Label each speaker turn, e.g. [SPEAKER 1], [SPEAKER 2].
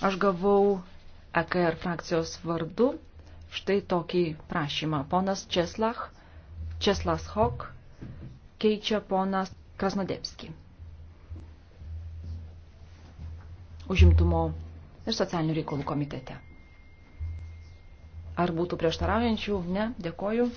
[SPEAKER 1] Aš gavau EKR frakcijos vardu štai tokį prašymą. Ponas Česlach, Česlas Hok keičia ponas Krasnodepski. Užimtumo ir socialinių reikalų komitete. Ar būtų prieštaraujančių?
[SPEAKER 2] Ne, dėkoju.